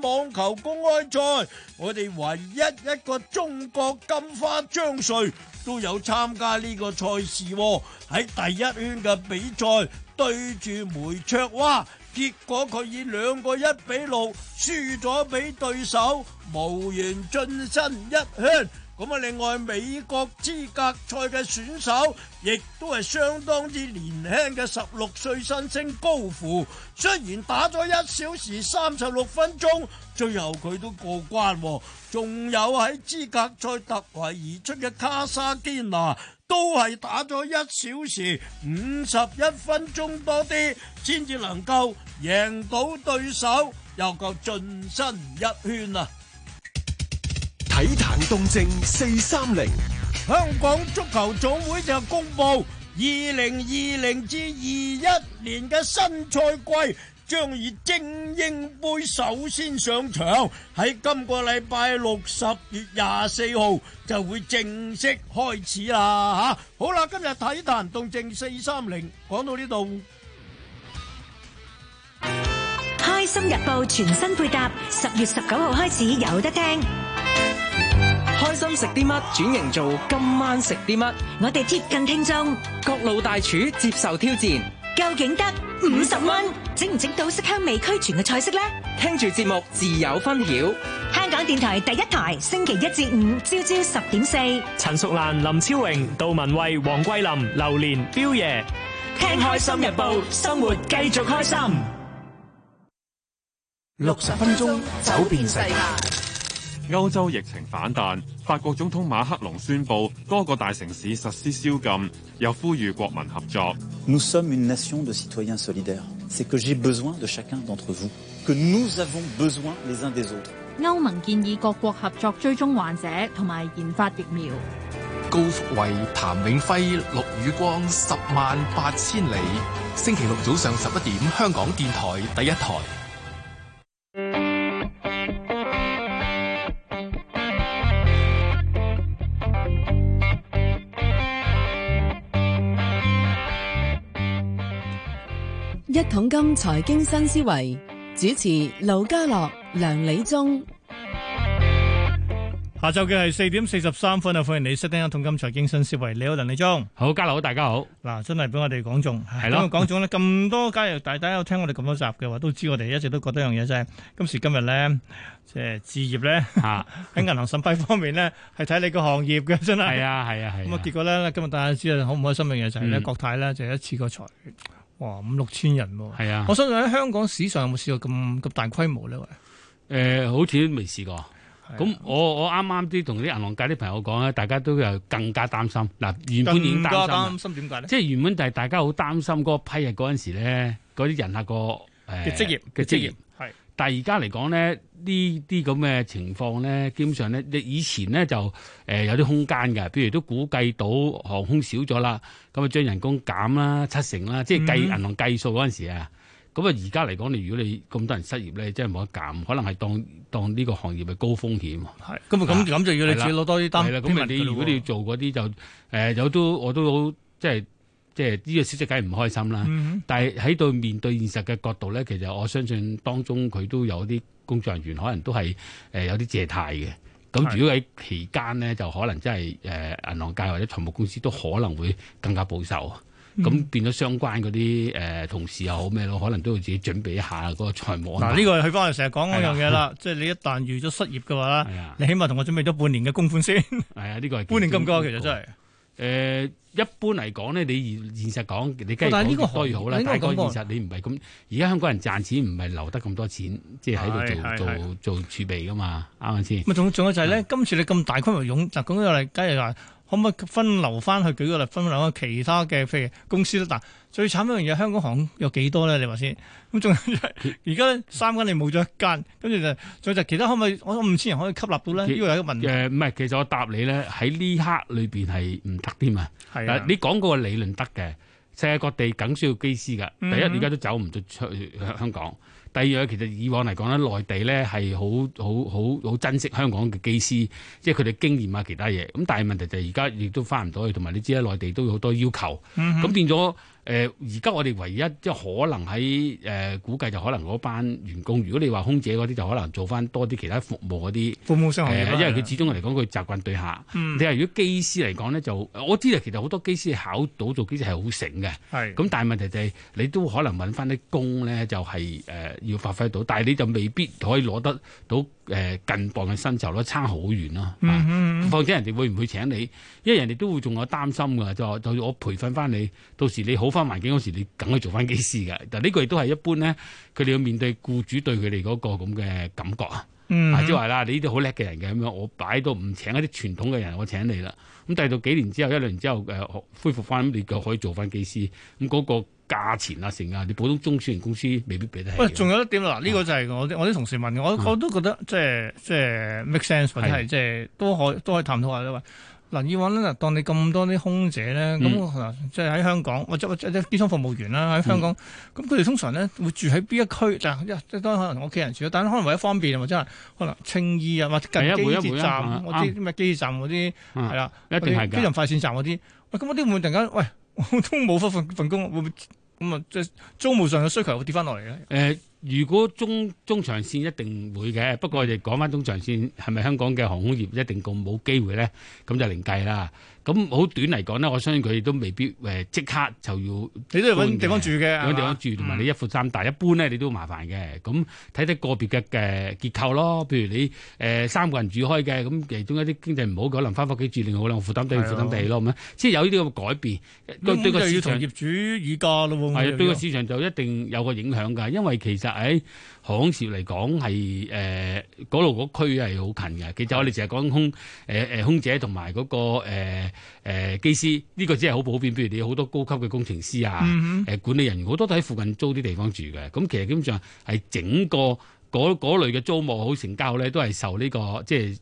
網球公開賽，我哋唯一一個中國金花張帥都有參加呢個賽事喎、哦。喺第一圈嘅比賽對住梅卓娃，結果佢以兩個一比六輸咗俾對手，無緣晉身一圈。咁啊！另外美國資格賽嘅選手，亦都係相當之年輕嘅，十六歲新星高芙，雖然打咗一小時三十六分鐘，最後佢都過關。仲有喺資格賽突圍而出嘅卡沙基娜，都係打咗一小時五十一分鐘多啲，先至能夠贏到對手，又夠晉身一圈啊！體壇動靜四三零，香港足球總會就公布二零二零至二一年嘅新賽季將以精英杯首先上場，喺今個禮拜六十月廿四號就會正式開始啦吓。好啦，今日體壇動靜四三零講到呢度，開心日報全新配搭，十月十九號開始有得聽。開心食歐洲疫情反彈，法國總統馬克龍宣布多個大城市實施宵禁，又呼籲國民合作。歐盟建議各國合作追蹤患者，同埋研發疫苗。高福慧、譚永輝、陸宇光，十萬八千里，星期六早上十一點，香港電台第一台。一桶金財經新思維主持盧家樂梁李忠，下晝嘅係四點四十三分啊！歡迎你收聽一桶金財經新思維，你好，梁李忠。好，家樂好，大家好。嗱，真係俾我哋講中係咯，講的中咧咁多家，加入大家有聽我哋咁多集嘅話，都知我哋一直都覺得樣嘢就係、是、今時今日咧，即係置業咧吓喺銀行審批方面咧，係睇你個行業嘅，真係係啊係啊係。咁啊，的的結果咧今日大家知啊，好唔開心嘅嘢就係、是、咧，嗯、國泰咧就係一次過裁。哇，五六千人喎！係啊，我相信喺香港史上有冇試過咁咁大規模咧？誒、呃，好似都未試過。咁、啊、我我啱啱啲同啲銀行界啲朋友講咧，大家都有更加擔心。嗱，原本已經擔心，擔心點解咧？呢即係原本就係大家好擔心嗰批人嗰陣時咧，嗰啲人客個誒職業嘅職業。但係而家嚟講咧，呢啲咁嘅情況咧，基本上咧，你以前咧就誒、呃、有啲空間㗎，譬如都估計到航空少咗啦，咁啊將人工減啦七成啦，即係計銀行計數嗰陣時啊，咁啊而家嚟講，你如果你咁多人失業咧，真係冇得減，可能係當當呢個行業嘅高風險。係是，咁啊咁咁就要你自己攞多啲單了。係啦，咁你如果你要做嗰啲就誒有都我都好即係。即係呢、這個消息，梗係唔開心啦。嗯、但係喺度面對現實嘅角度咧，其實我相信當中佢都有啲工作人員，可能都係誒有啲借貸嘅。咁如果喺期間咧，就可能真係誒、呃、銀行界或者財務公司都可能會更加保守。咁、嗯嗯、變咗相關嗰啲誒同事又好咩咯，可能都要自己準備一下嗰、那個財務。嗱、嗯，呢個佢幫我成日講嗰樣嘢啦。即係、啊、你一旦遇咗失業嘅話咧，啊、你起碼同我準備咗半年嘅供款先。係啊，呢個半年咁多，其實真係誒。嗯呃一般嚟講咧，你現現實講，你梗係講多越好啦。大概個現實你唔係咁，而家香港人賺錢唔係留得咁多錢，即係喺度做係係係做做，做儲備噶嘛，啱唔啱先？咁仲仲有就係、係、咧，的今次你咁大規模擁就咁樣嚟，梗係話。可唔可以分流翻去？舉個例，分流翻其他嘅譬如公司都得？最慘一樣嘢，香港行有幾多咧？你話先。咁仲有而家三間你冇咗一間，跟住就再就其他可唔可以？我諗五千人可以吸納到咧。呢個係一個問題。誒，唔係，其實我答你咧，喺呢刻裏邊係唔得添呀。係啊，你講嗰個理論得嘅，世界各地梗需要機師㗎。第一，而家都走唔出香港。嗯嗯第二樣，其實以往嚟講咧，內地咧係好好好好珍惜香港嘅機師，即係佢哋經驗啊，其他嘢。咁但係問題就係而家亦都翻唔到去，同埋你知啦，內地都有好多要求。咁、嗯、哼變咗誒，而、呃、家我哋唯一即係可能喺誒、呃、估計就可能嗰班員工，如果你話空姐嗰啲就可能做翻多啲其他服務嗰啲服務生、呃。因為佢始終嚟講佢習慣對客。你話、嗯、如果機師嚟講呢，就我知啊，其實好多機師考到做機師係好醒嘅。咁是但係問題就係你都可能揾翻啲工呢，就係、是、誒。呃要發揮到，但係你就未必可以攞得到誒、呃、近磅嘅薪酬咯，差好遠咯、啊。嗯哼況且人哋會唔會請你？因為人哋都會仲有擔心㗎，就就我培訓翻你，到時你好翻環境嗰時，你梗係做翻機師㗎。嗱，呢個亦都係一般咧，佢哋要面對僱主對佢哋嗰個咁嘅感覺啊。嗯哼。即係話啦，你依啲好叻嘅人嘅咁樣，我擺到唔請一啲傳統嘅人，我請你啦。咁第到幾年之後，一兩年之後誒、呃、恢復翻，你就可以做翻機師。咁、嗯、嗰、嗯價錢啊，成啊，你普通中小型公司未必俾得起，啊。喂，仲有一點啦，嗱，呢個就係我啲我啲同事問我，我都覺得即係即係 make sense 或者係即係都可都可以探討下啦。喂，嗱以往咧，當你咁多啲空姐咧，咁即係喺香港或者或者啲機場服務員啦，喺香港咁佢哋通常咧會住喺邊一區？但係一即當然可能同屋企人住，但可能為咗方便或者係可能青衣啊，或者近機鐵站，我啲咩機鐵站嗰啲係啦，一定係嘅，機場快線站嗰啲。喂，咁嗰啲會唔會突然間喂？欸嗯嗯嗯 我都冇份份，份工，會唔會咁啊？即係租務上嘅需求會跌翻落嚟咧？誒、呃。 如果中中長線一定會嘅，不過我哋講翻中長線係咪香港嘅航空業一定咁冇機會咧？咁就另計啦。咁好短嚟講咧，我相信佢都未必誒即刻就要。你都要揾地方住嘅，揾地方住同埋你一負三大，一般咧你都麻煩嘅。咁睇睇個別嘅嘅結構咯，譬如你誒三個人住開嘅，咁其中一啲經濟唔好可能翻屋企住，另外可能負擔對負擔地咯咁樣。即係有呢啲嘅改變，咁就要同業主議價咯。係對個市場就一定有個影響㗎，因為其實。喺航、哎、事嚟講係誒嗰度嗰區係好近嘅，其實我哋淨係講空誒誒、呃、空姐同埋嗰個誒誒機師呢、呢個真係好普遍，譬如你好多高級嘅工程師啊，誒、嗯哼呃、管理人員好多都喺附近租啲地方住嘅，咁、嗯、其實基本上係整個嗰嗰類嘅租務好成交咧，都係受呢、這個即係。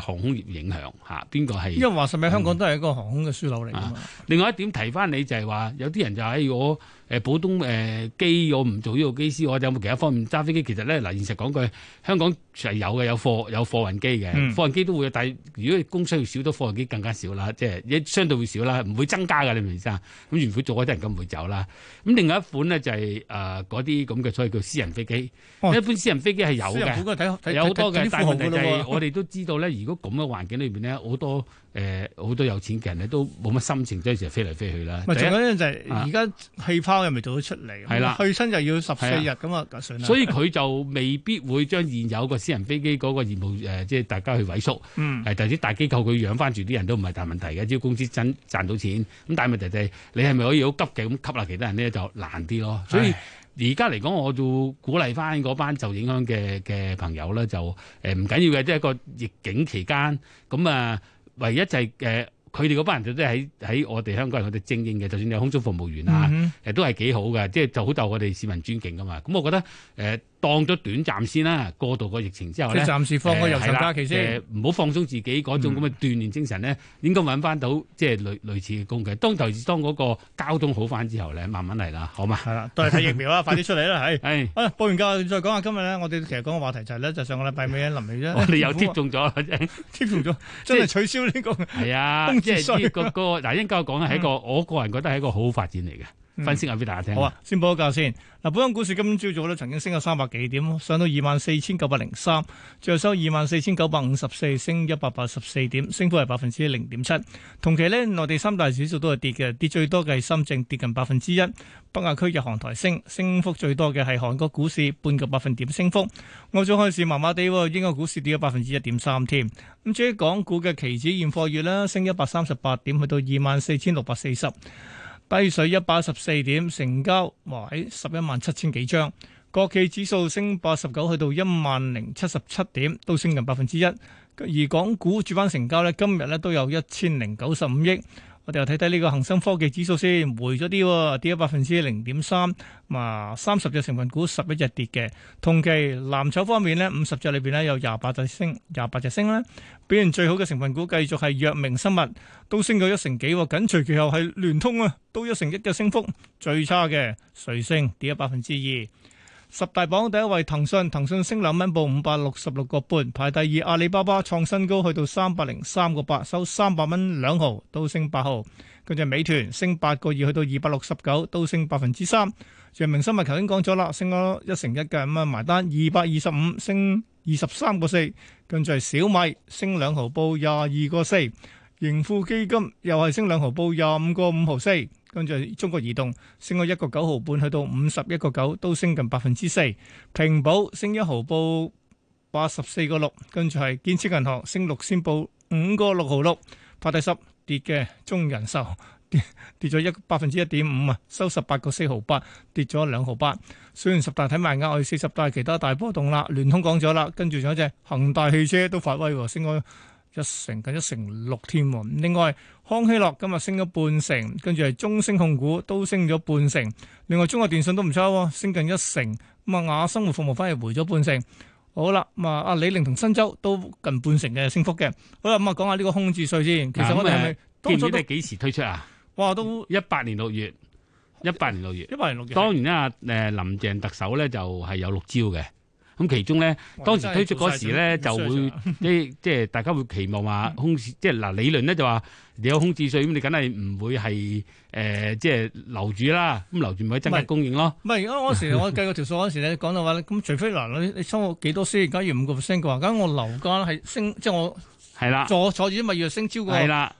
航空業影響嚇，邊個係？因為話實咪，香港、嗯、都係一個航空嘅樞紐嚟。啊、另外一點提翻你就，就係話有啲人就係、哎、我誒普通誒機，我唔做呢個機師，我有冇其他方面揸飛機？其實咧，嗱，現實講句，香港實有嘅，有貨有貨運機嘅，嗯、貨運機都會。但係如果供需要少，都貨運機更加少啦，即係相對會少啦，唔會增加㗎。你明唔明先？咁原本做嗰啲人咁唔會走啦。咁另外一款呢，就係誒嗰啲咁嘅，所以叫私人飛機。哦、一般私人飛機係有嘅，有好多嘅，但我哋都知道咧。如果咁嘅環境裏邊咧，好多誒好、呃、多有錢嘅人咧都冇乜心情，即係飛嚟飛去啦。唔係，仲有就係而家氣泡又咪做咗出嚟，的去新就要十四日咁啊，的所以佢就未必會將現有個私人飛機嗰個業務即係、呃、大家去萎縮。嗯，係但啲大機構佢養翻住啲人都唔係大問題嘅，只要公司真賺到錢。咁但係問題就係、是、你係咪可以好急嘅咁吸納？其他人咧就難啲咯。所以。而家嚟講，我就鼓勵翻嗰班受影響嘅嘅朋友咧，就誒唔緊要嘅，即、呃、係一個逆境期間，咁、嗯、啊唯一就係誒佢哋嗰班人就都喺喺我哋香港人佢哋精英嘅，就算你空中服務員啊，誒、嗯、哼都係幾好嘅，即係就好受我哋市民尊敬噶嘛。咁、嗯、我覺得誒。呃當咗短暫先啦，過度個疫情之後咧，暫時放個悠長假期先，唔好放鬆自己嗰種咁嘅鍛煉精神咧，應該揾翻到即係類類似嘅工具。當頭，當嗰個交通好翻之後咧，慢慢嚟啦，好嘛？係啦，都係睇疫苗啦，快啲出嚟啦，係。唉，啊，報完價再講下今日咧，我哋其實講嘅話題就係咧，就上個禮拜尾嘢臨尾啫。我哋又貼中咗，貼中咗，即係取消呢個係啊，即係呢個嗱，應該我講咧係一個，我個人覺得係一個好發展嚟嘅。分析下俾大家聽。嗯、好啊，先報個價先。嗱，本港股市今朝早咧，曾經升咗三百幾點，上到二萬四千九百零三，最後收二萬四千九百五十四，升一百八十四點，升幅係百分之零點七。同期咧，內地三大指數都係跌嘅，跌最多嘅係深圳，跌近百分之一。北亞區日韓台升，升幅最多嘅係韓國股市，半個百分點升幅。我早開市麻麻地，英國股市跌咗百分之一點三添。咁至於港股嘅期指現貨月咧，升一百三十八點，去到二萬四千六百四十。低水一百一十四點，成交哇十一萬七千幾張。國企指數升八十九，去到一萬零七十七點，都升近百分之一。而港股主板成交咧，今日咧都有一千零九十五億。我哋又睇睇呢個恒生科技指數先，回咗啲喎，跌咗百分之零點三。啊，三十隻成分股，十一隻跌嘅。同期藍籌方面咧，五十隻裏邊咧，有廿八隻升，廿八隻升咧。表現最好嘅成分股繼續係藥明生物，都升到一成幾。緊隨其後係聯通啊，都一成一嘅升幅。最差嘅瑞聲跌咗百分之二。十大榜第一位，騰訊，騰訊升兩蚊，報五百六十六個半。排第二，阿里巴巴創新高，去到三百零三個八，收三百蚊兩毫，都升八毫。跟住美團，升八個二，去到二百六十九，都升百分之三。仲有明新物，頭先講咗啦，升咗一成一嘅咁啊，埋單二百二十五，5, 升二十三個四。跟住係小米，升兩毫，報廿二個四。盈富基金又係升兩毫報，報廿五個五毫四。跟住中國移動升咗一個九毫半，去到五十一個九，都升近百分之四。平保升一毫，報八十四個六。跟住係建設銀行升六先報五個六毫六。排第十跌嘅中人壽跌跌咗一百分之一點五啊，收十八個四毫八，跌咗兩毫八。雖然十大睇埋壓我哋四十大其他大波動啦。聯通講咗啦，跟住仲有一隻恒大汽車都發威，升開。一成近一成六添，另外康希諾今日升咗半成，跟住係中升控股都升咗半成，另外中國電信都唔錯喎，升近一成。咁、嗯、啊，雅生活服務反而回咗半成。好啦，咁、嗯、啊，李寧同新洲都近半成嘅升幅嘅。好啦，咁、嗯、啊，講下呢個空置稅先。其實我哋係都唔知你幾時推出啊？哇，都一八年六月，一八年六月，一八、呃、年六月。當然啦，誒是，林鄭特首咧，就係有六招嘅。咁其中咧，哇當時推出嗰時咧，就會啲 即係大家會期望話空置，嗯、即係嗱理論咧就話、是、你有空置稅咁，你梗係唔會係誒、呃、即係留住啦，咁留住咪增加供應咯？唔係，我嗰時我計過條數嗰時你講到話咧，咁除非嗱你收我幾多先？假如五個 percent 嘅話，咁我留間係升，即係我係啦，坐坐住啲咪要升超過係啦。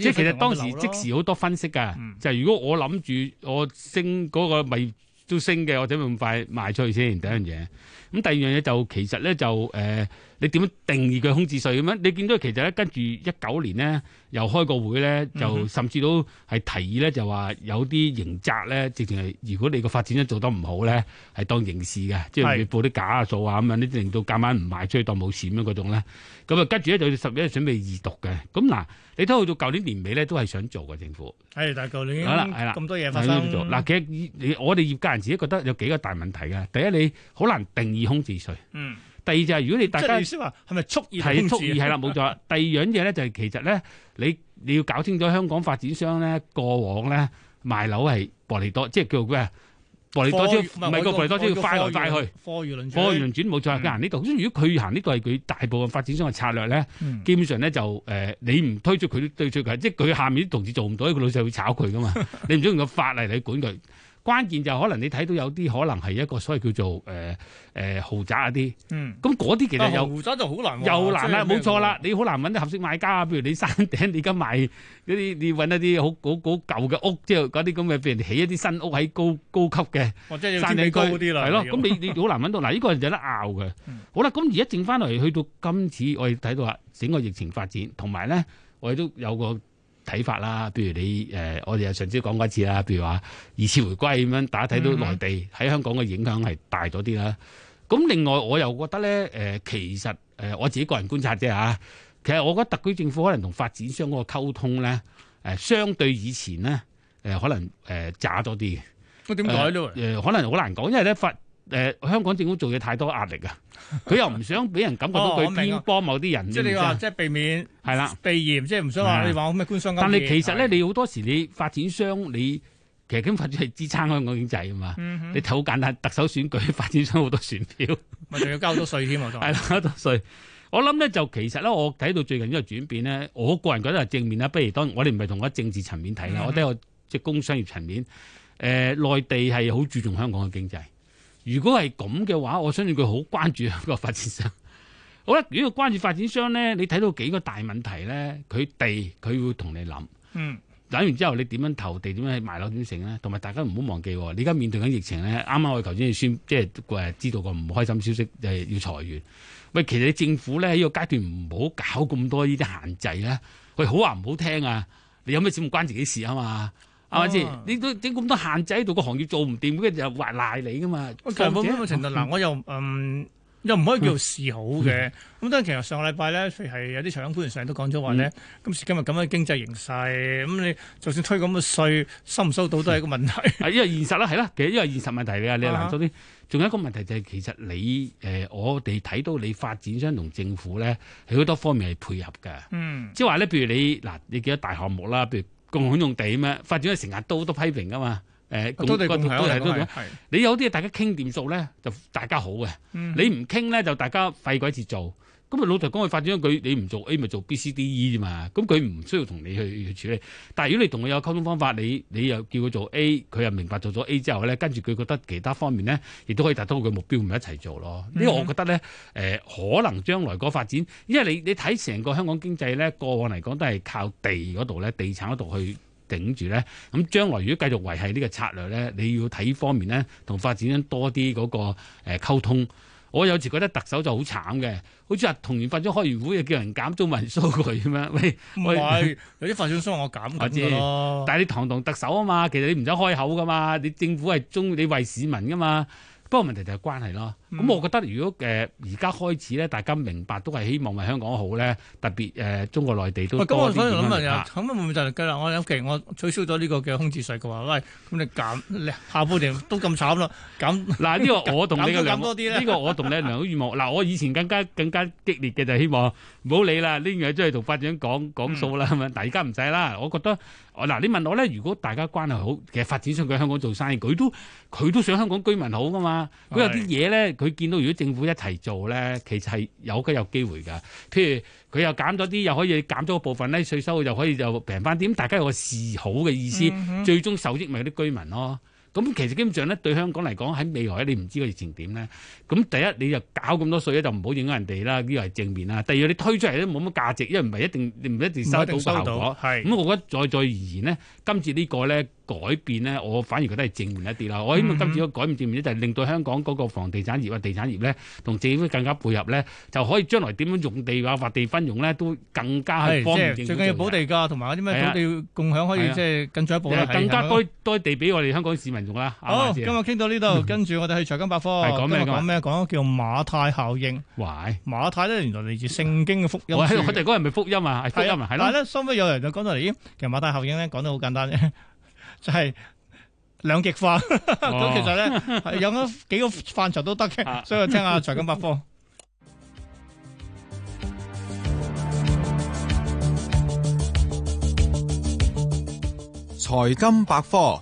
即係的的其實當時即時好多分析㗎，就係如果我諗住我升嗰個咪。嗯都升嘅，或者咪咁快賣出去先。第一樣嘢，咁第二樣嘢就其實呢就誒。呃你點樣定義佢空置稅咁樣？你見到其實咧，跟住一九年咧，又開個會咧，就甚至都係提議咧，就話有啲刑責咧，直情係如果你個發展商做得唔好咧，係當刑事嘅，即係報啲假數啊咁樣，呢啲令到夾硬唔賣出去當冇事咁樣嗰種咧。咁啊，跟住咧就十一準備二讀嘅。咁嗱，你睇去到舊年年尾咧都係想做嘅政府。係，但係舊年咁多嘢發生。嗱，其實我哋業界人自己覺得有幾個大問題嘅。第一，你好難定義空置稅。嗯。第二就係，如果你大家即係你先話係咪蓄意？係是蓄意係啦，冇的錯。 第二樣嘢咧就係其實咧，你你要搞清楚香港發展商咧過往咧賣樓係薄利多，即係叫做咩？薄利多銷，唔係個薄利多銷，快來快去。貨如輪轉，貨如輪轉冇錯。行呢、這、度、個，嗯、如果佢行呢、這個係佢、這個、大部分發展商嘅策略咧，嗯、基本上咧就誒、呃，你唔推出佢都推出佢，即係佢下面啲同事做唔到，呢個老細會炒佢噶嘛？你唔想用個法例嚟管佢？關鍵就可能你睇到有啲可能係一個所謂叫做誒誒豪宅嗰啲，咁嗰啲其實有豪宅就好難，又難啦，冇錯啦，你好難揾到合適買家啊。譬如你山頂，你而家賣嗰啲，你揾一啲好好好舊嘅屋，即係嗰啲咁嘅，畀人起一啲新屋喺高高級嘅，山頂區，係咯，咁你你好難揾到。嗱，呢個係有得拗嘅。好啦，咁而家轉翻落嚟去到今次，我哋睇到啊，整個疫情發展同埋咧，我哋都有個。睇法啦，譬如你誒、呃，我哋又上次講過一次啦，譬如話二次回歸咁樣，大家睇到內地喺香港嘅影響係大咗啲啦。咁、嗯、另外我又覺得咧，誒、呃、其實誒、呃、我自己個人觀察啫嚇，其實我覺得特區政府可能同發展商嗰個溝通咧，誒、呃、相對以前咧，誒、呃、可能誒渣咗啲。咁點解咧？誒、呃呃、可能好難講，因為咧發。誒、呃，香港政府做嘢太多壓力啊！佢又唔想俾人感覺到佢偏幫某啲人，即係你話即係避免係啦，避嫌的，即係唔想話你話我咩官商勾結。但係其實咧，的你好多時你發展商，你其實咁發展係支撐香港經濟啊嘛！嗯、哼你睇好簡單，特首選舉發展商好多選票，咪仲、嗯、哼 要交多稅添。係啦，交多稅。我諗咧， 就其實咧，我睇到最近呢個轉變咧，我個人覺得係正面啦。不如當然，我哋唔係同一政治層面睇啦，嗯、哼我覺得即係工商業層面，誒、呃、內地係好注重香港嘅經濟。如果係咁嘅話，我相信佢好關注一個發展商。 好啦如果佢關注發展商咧，你睇到幾個大問題咧，佢哋佢會同你諗。嗯，諗完之後，你點樣投地？點樣賣樓等等呢？點成咧？同埋大家唔好忘記，你而家面對緊疫情咧，啱啱我哋頭先先，即係知道個唔開心消息，誒、就係、要裁員。喂，其實政府咧喺呢、呢個階段唔好搞咁多呢啲限制咧。喂，好話唔好聽啊！你有咩事唔關自己事啊嘛？係咪先？是是啊、你都整咁多限制喺度，個行業做唔掂，跟住又話賴你噶嘛？其實冇咁嘅程度。嗱我，我又嗯、呃，又唔可以叫做示好嘅。咁、嗯、但然，其實上個禮拜咧，譬如係有啲財經官員成日都講咗話咧，今時今日咁嘅經濟形勢，咁你就算推咁嘅稅，收唔收到都係一個問題。係因為現實啦，係啦，其實因為現實問題啊，你又難咗啲。仲、啊啊、有一個問題就係，其實你誒、呃，我哋睇到你發展商同政府咧，係好多方面係配合嘅。嗯。即係話咧，譬如你嗱，你幾多大項目啦，譬如。共用用地嘛，發展成日都好多批評噶嘛？誒，都對都你有啲嘢大家傾掂數咧，就大家好嘅。你唔傾咧，就大家廢鬼事做。咁啊老豆講佢發展咗佢，你唔做 A 咪做 B、C、D、E 啫嘛。咁佢唔需要同你去去處理。但係如果你同佢有溝通方法，你你又叫佢做 A，佢又明白做咗 A 之後咧，跟住佢覺得其他方面咧，亦都可以達到佢目標，咪一齊做咯。呢、嗯、為我覺得咧，誒、呃、可能將來個發展，因為你你睇成個香港經濟咧，過往嚟講都係靠地嗰度咧，地產嗰度去頂住咧。咁將來如果繼續維繫呢個策略咧，你要睇方面咧，同發展多啲嗰個誒溝通。我有時覺得特首就好慘嘅，好似話同年發咗開完會，又叫人減中文數據咁樣。喂，唔係 有啲發咗數我減嘅。但係你堂堂特首啊嘛，其實你唔使開口噶嘛，你政府係中你為市民噶嘛。不過問題就係關係咯。咁我覺得如果誒而家開始咧，大家明白都係希望為香港好咧。特別誒中國內地都。喂，咁我想諗下，咁樣會唔會就嚟雞啦？我諗其實我取消咗呢個嘅空置稅嘅話，喂，咁你減，下半年都咁慘咯，咁嗱呢個我同你多啲呢個我同你嘅良好願望。嗱我以前更加更加激烈嘅就希望，唔好理啦，呢樣嘢即係同發展講講數啦，係咪？但而家唔使啦，我覺得。嗱，你問我咧，如果大家關係好，其實發展上佢喺香港做生意，佢都佢都想香港居民好噶嘛。佢有啲嘢咧，佢見到如果政府一齊做咧，其實係有得有機會噶。譬如佢又減咗啲，又可以減咗個部分咧稅收，又可以又平翻啲。大家有個示好嘅意思，嗯、哼最終受益咪啲居民咯。咁其實基本上咧，對香港嚟講喺未來咧，你唔知個疫情點咧。咁第一，你就搞咁多稅咧，就唔好影響人哋啦，呢個係正面啦。第二，你推出嚟都冇乜價值，因為唔係一定唔一定收到效果。係。咁我覺得再再而言咧，今次呢個咧。改變咧，我反而覺得係正面一啲啦。我希望今次嘅改變正面咧，就係令到香港嗰個房地產業啊、地產業咧，同政府更加配合咧，就可以將來點樣用地啊、發地分用咧，都更加方便。最緊要補地價同埋嗰啲咩土地共享，可以即係更進一步。更加多多地俾我哋香港市民用啦。好，今日傾到呢度，跟住我哋去財經百科。係講咩？講咩？講叫馬太效應。哇！馬太咧，原來嚟自聖經嘅福音。我哋嗰日咪福音啊，係福音啊。係啦，咧收尾有人就講到嚟，咦？其實馬太效應咧講得好簡單啫。就係兩極化，咁、哦、 其實咧呢 有咁幾個範疇都得嘅，所以我聽下財金百科。財金百科，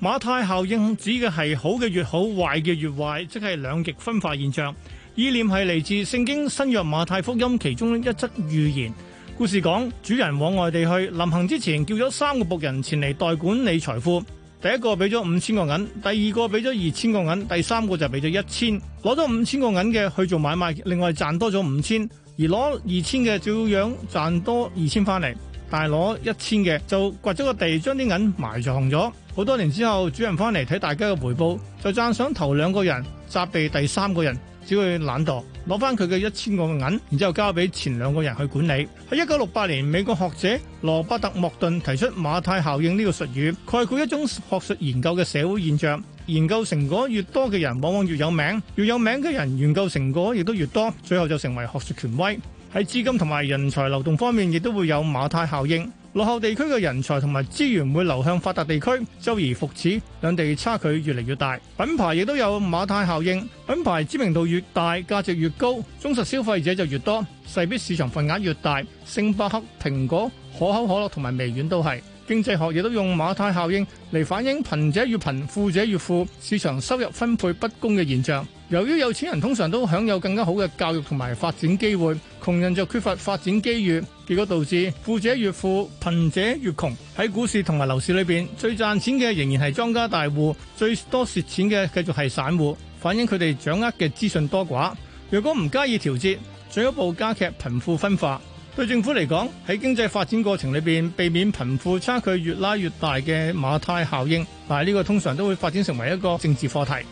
馬太效應指嘅係好嘅越好，壞嘅越壞，即係兩極分化現象。意念係嚟自聖經新約馬太福音其中一則預言。故事講主人往外地去，臨行之前叫咗三個僕人前嚟代管理財富。第一個俾咗五千個銀，第二個俾咗二千個銀，第三個就俾咗一千。攞咗五千個銀嘅去做買賣，另外賺多咗五千；而攞二千嘅照樣賺多二千翻嚟，但係攞一千嘅就掘咗個地將啲銀埋藏咗。好多年之後主人翻嚟睇大家嘅回報，就讚賞頭兩個人，責備第三個人只會懶惰。攞翻佢嘅一千個銀，然之後交俾前兩個人去管理。喺一九六八年，美國學者羅伯特莫頓提出馬太效應呢個術語，概括一種學術研究嘅社會現象。研究成果越多嘅人，往往越有名；越有名嘅人，研究成果亦都越多。最後就成為學術權威。喺資金同埋人才流動方面，亦都會有馬太效應。落後地區嘅人才同埋資源會流向發達地區，周而復始，兩地差距越嚟越大。品牌亦都有馬太效應，品牌知名度越大，價值越高，忠實消費者就越多，勢必市場份額越大。星巴克、蘋果、可口可樂同埋微軟都係。經濟學亦都用馬太效應嚟反映貧者越貧、富者越富、市場收入分配不公嘅現象。由於有錢人通常都享有更加好嘅教育同埋發展機會，窮人就缺乏發展機遇，結果導致富者越富、貧者越窮。喺股市同埋樓市裏邊，最賺錢嘅仍然係莊家大戶，最多蝕錢嘅繼續係散戶，反映佢哋掌握嘅資訊多寡。如果唔加以調節，進一步加劇貧富分化。對政府嚟講，喺經濟發展過程裏邊，避免貧富差距越拉越大嘅馬太效應，但係呢個通常都會發展成為一個政治課題。